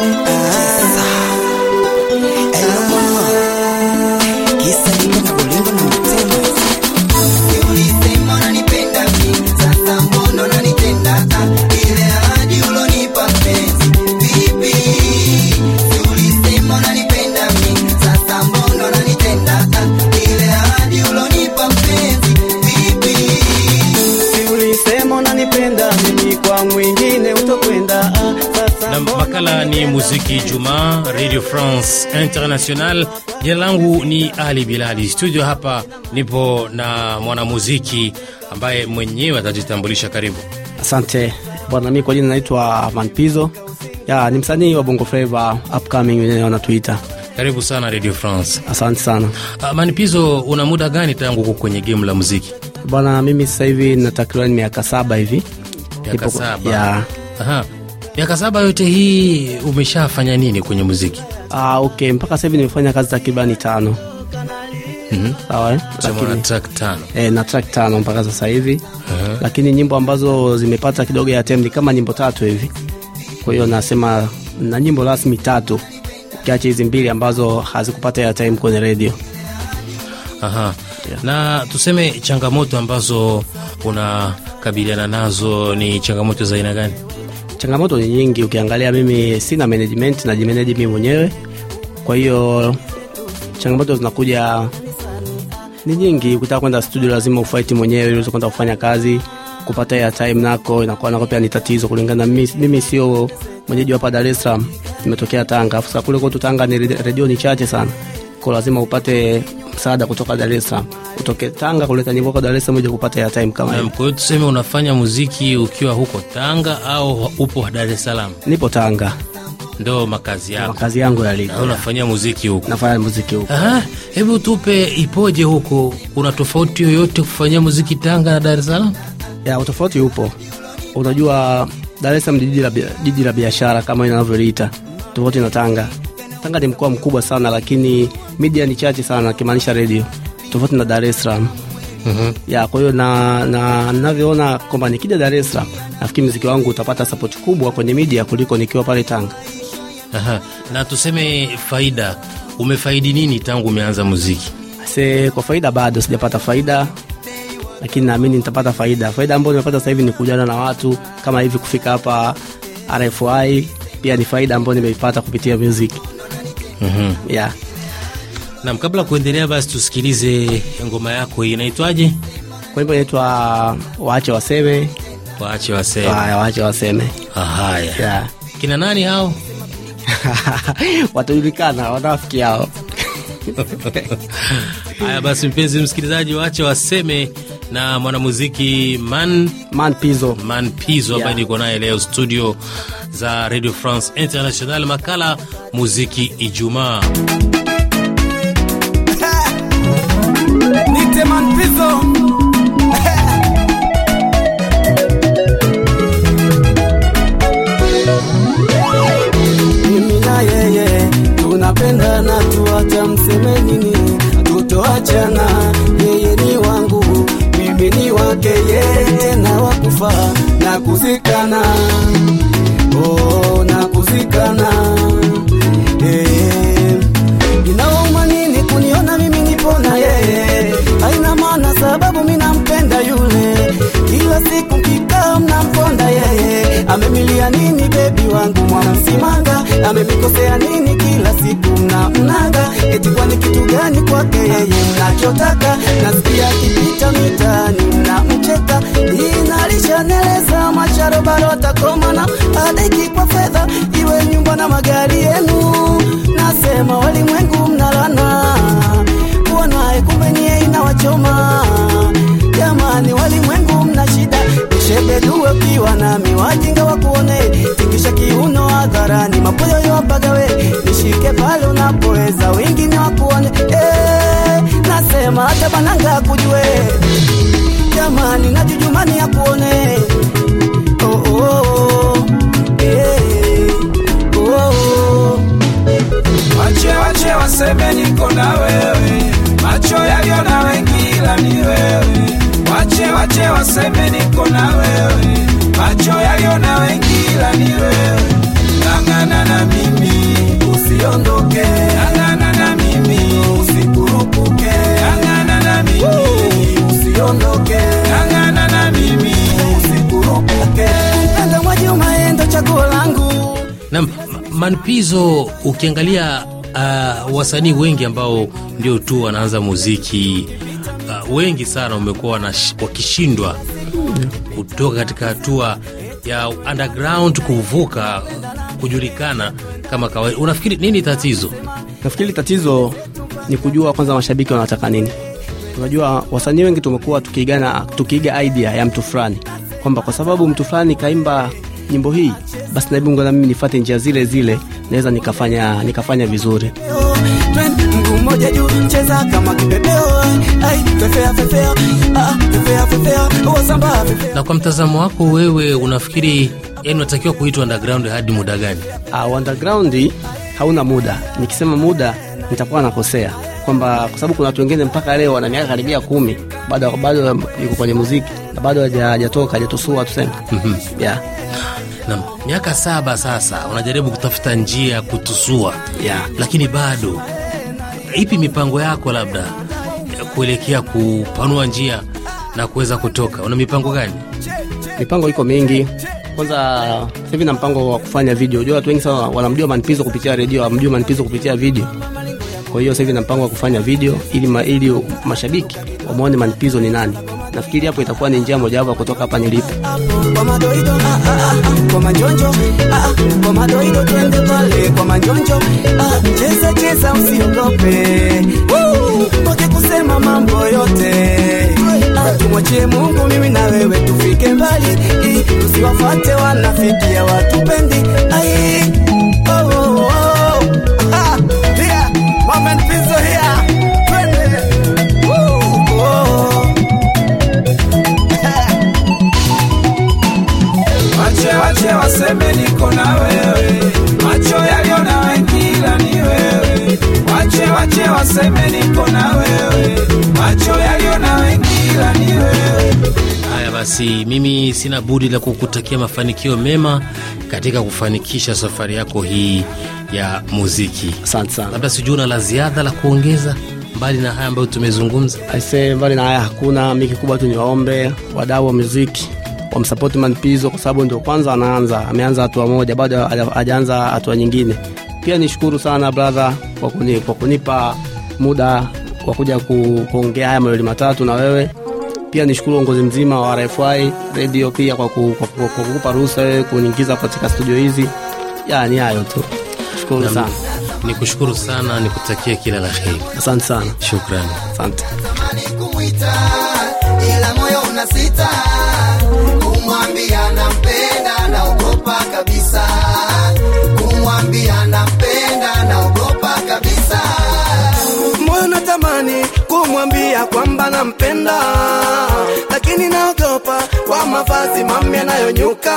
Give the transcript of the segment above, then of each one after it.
I muziki juma Radio France International. Jina langu ni Ali Bilali, studio hapa nipo na mwanamuziki ambaye mwenyewe atajitambulisha. Karibu. Asante bwana, mi kwa jina naitwa Manpizo ya ni msanii wa Bongo Flava upcoming, wenyewe wanatuita. Karibu sana Radio France. Asante sana. Manpizo, una muda gani tangu uko kwenye gemu la muziki? Bwana, mimi sasa hivi na takriban miaka saba hivi. Ya. Miaka saba yote hii umeshafanya nini kwenye muziki? Ah, okay, mpaka sasa hivi nimefanya kazi takribani tano. Mm -hmm. tano. Eh, na track tano mpaka sasa hivi. Uh -huh. Lakini nyimbo ambazo zimepata kidogo ya ni kama nyimbo tatu hivi. Kwa hiyo nasema na nyimbo rasmi tatu ukiacha hizi mbili ambazo hazikupata ya time kwenye redio. Aha. Yeah. Na tuseme changamoto ambazo unakabiliana nazo ni changamoto za aina gani? Changamoto ni nyingi, ukiangalia mimi sina management, najimanage mimi mwenyewe, kwa hiyo changamoto zinakuja ni nyingi. Ukitaka kwenda studio lazima ufaiti mwenyewe ili uweze kwenda kufanya kazi, kupata ya time nako inakuwa nako pia ni tatizo, kulingana mimi, mimi sio mwenyeji hapa Dar es Salaam, nimetokea Tanga, afu kule kwetu Tanga ni redio ni chache sana, kwa lazima upate msaada kutoka Dar es Salaam, kutoka Tanga kuleta nyimbo kwa Dar es Salaam moja kupata ya time kama hiyo. Kwa hiyo tuseme unafanya muziki ukiwa huko Tanga au upo Dar es Salaam? Nipo Tanga ndo makazi yako? Makazi yangu yaliko. Na unafanyia muziki huko? Nafanya muziki huko. Aha, hebu tupe ipoje huko, kuna tofauti yoyote kufanyia muziki Tanga na Dar es Salaam? Ya utofauti upo, unajua Dar es Salaam jiji la biashara kama inavyoliita, tofauti na Tanga Tanga ni mkoa mkubwa sana, lakini media ni chache sana, kimaanisha redio, tofauti na Dar es Salaam. Mm -hmm. Ya, kwa hiyo na na ninavyoona kwamba nikija Dar es Salaam nafikiri muziki wangu utapata support kubwa kwenye media kuliko nikiwa pale Tanga. Aha. Na tuseme faida, umefaidi nini tangu umeanza muziki? Se, kwa faida bado sijapata faida, lakini naamini nitapata faida. Faida ambayo nimepata sasa hivi ni kujana na watu kama hivi, kufika hapa RFI pia ni faida ambayo nimeipata kupitia muziki mm -hmm. yeah. Nam, kabla kuendelea basi tusikilize ngoma yako inaitwaje? Kwa hivyo inaitwa waache uh, waseme, waache waseme, waache waseme. Haya, ah, yeah. kina nani hao? watajulikana, wanafiki hao Haya basi, mpenzi msikilizaji, waache waseme na mwanamuziki Man Man Pizo, Man Pizo ambaye yeah, niko naye leo studio za Radio France International, makala muziki Ijumaa. Man Pizo mimi na yeye tunapendana tuata sana, yeye ni wangu mimi ni wake, yeye tena wakufa na kuzikana, oh, na kuzikana eh, nini kuniona yule, kila amemilia nini bebi wangu mwana Msimanga, amemikosea nini kila siku na mnaga eti kwani kitu gani kwake yeye unachotaka, nasikia kipita mitani mcheka inalishaneleza macharo baro atakomana adeki kwa fedha, iwe nyumba na magari yenu. Nasema walimwengu mnalana kuwa naye, kumbe inawachoma jamani, walimwengu mna shida shebedue ukiwa nami wajinga wakuone, tingisha kiuno hadharani, mapoyo apagawe nishike pale unapoweza mema hata bananga akujue, jamani najujumani akuone oh, oh, oh. Eh, hey, oh, oh. Wache wache waseme niko na wewe, macho yaliona wengi ila ni wewe. Wache wache waseme niko na wewe, macho yaliona wengi ila ni wewe. Ng'ang'ana na mimi usiondoke. Man Pizo, ukiangalia uh, wasanii wengi ambao ndio tu wanaanza muziki uh, wengi sana wamekuwa wakishindwa kutoka katika hatua ya underground kuvuka kujulikana kama kawaida. Unafikiri nini tatizo? Nafikiri tatizo ni kujua kwanza mashabiki wanataka nini. Unajua, wasanii wengi tumekuwa tukiiga idea ya mtu fulani, kwamba kwa sababu mtu fulani kaimba nyimbo hii, basi na Mungu, na mimi nifuate njia zile zile, naweza nikafanya nikafanya vizuri. Na kwa mtazamo wako wewe, unafikiri yani unatakiwa kuitwa underground hadi muda gani? Ah, underground hauna muda. Nikisema muda nitakuwa nakosea kwamba kwa sababu kuna watu wengine mpaka leo wana miaka karibia kumi bado bado yuko kwenye muziki na bado hajatoka hajatosua tuseme mhm. yeah. na miaka saba sasa unajaribu kutafuta njia ya kutusua yeah. lakini bado ipi mipango yako labda kuelekea kupanua njia na kuweza kutoka una mipango gani mipango iko mingi kwanza hivi na mpango wa kufanya video. Unajua watu wengi sana wanamjua Manpizo kupitia redio, wamjua Manpizo kupitia video. Kwa hiyo sasa hivi na wa kufanya video ili, ma, ili mashabiki wamwone Manpizo ni nani. Nafikiri hapo itakuwa ni njia mojawapo kutoka hapa nilipo. Ah, ah, ah, Cheza mambo tumwachie Mungu. Mimi na wewe tufike mbali, tusiwafate wanafikia watupendi basi mimi sina budi la kukutakia mafanikio mema katika kufanikisha safari yako hii ya muziki. Asante sana. Labda sijui una la ziada la kuongeza mbali na haya ambayo tumezungumza? Aise, mbali na haya hakuna. Mi kikubwa tu niwaombe wadau wa muziki wamsapoti Manpizo kwa sababu ndio kwanza anaanza, ameanza hatua moja, bado hajaanza hatua nyingine. Pia nishukuru sana brother kwa kunipa muda wa kuja kuongea haya mawili matatu na wewe pia nishukuru uongozi mzima wa RFI radio pia kwa kukupa ruhusa wewe kuniingiza katika studio hizi. Yani hayo tu, shukuru sana. Nikushukuru sana, nikutakie kila la heri. Asante sana, shukrani, asante. ila moyo unasita kumwambia nampenda, naogopa kabisa. kumwambia kwamba nampenda, lakini naogopa kwa mavazi mami yanayonyuka,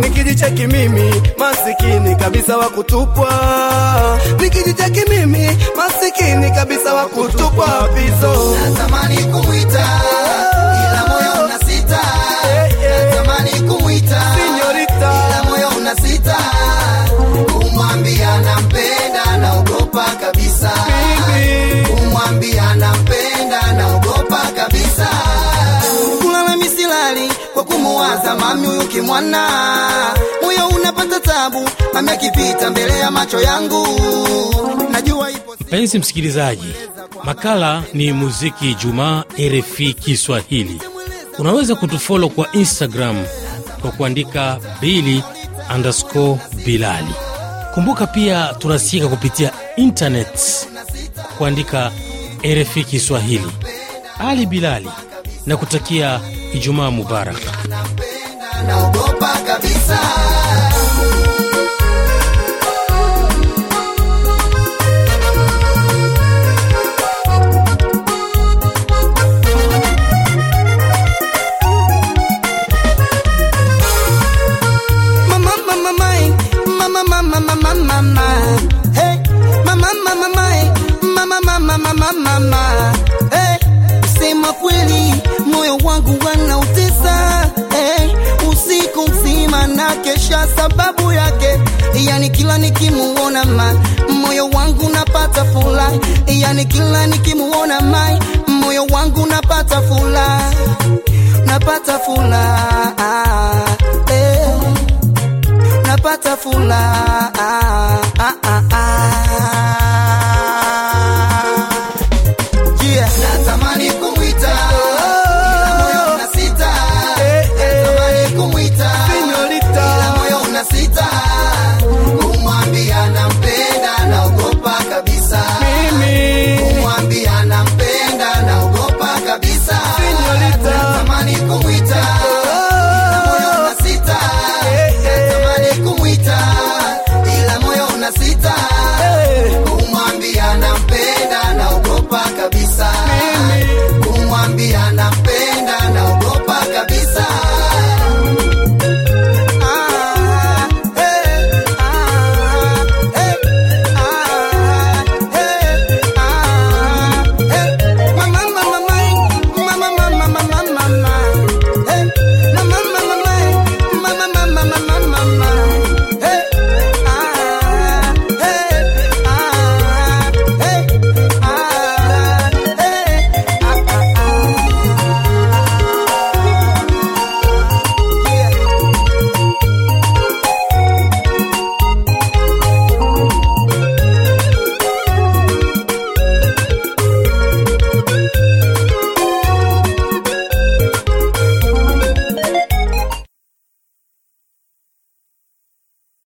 nikijicheki mimi masikini kabisa wa kutupwa, nikijicheki mimi masikini kabisa wa kutupwa vizo. Natamani kumuita ila moyo unasita, natamani kumuita ila moyo unasita, kumwambia nampenda, naogopa kabisa. unamuwaza mami huyu kimwana, huyo unapata tabu, mami akipita mbele ya macho yangu najua ipo. Mpenzi msikilizaji, makala ni muziki juma RFI Kiswahili. Unaweza kutufolo kwa Instagram kwa kuandika bili underscore bilali. Kumbuka pia tunasikika kupitia intaneti kuandika RFI Kiswahili. Ali Bilali na kutakia Ijumaa mubarak. na utisa eh, usiku mzima na kesha sababu yake, yani kila nikimuona mai moyo wangu napata fula yani kila nikimuona mai moyo wangu napata furaha, napata furaha eh, napata furaha ah, ah. ah.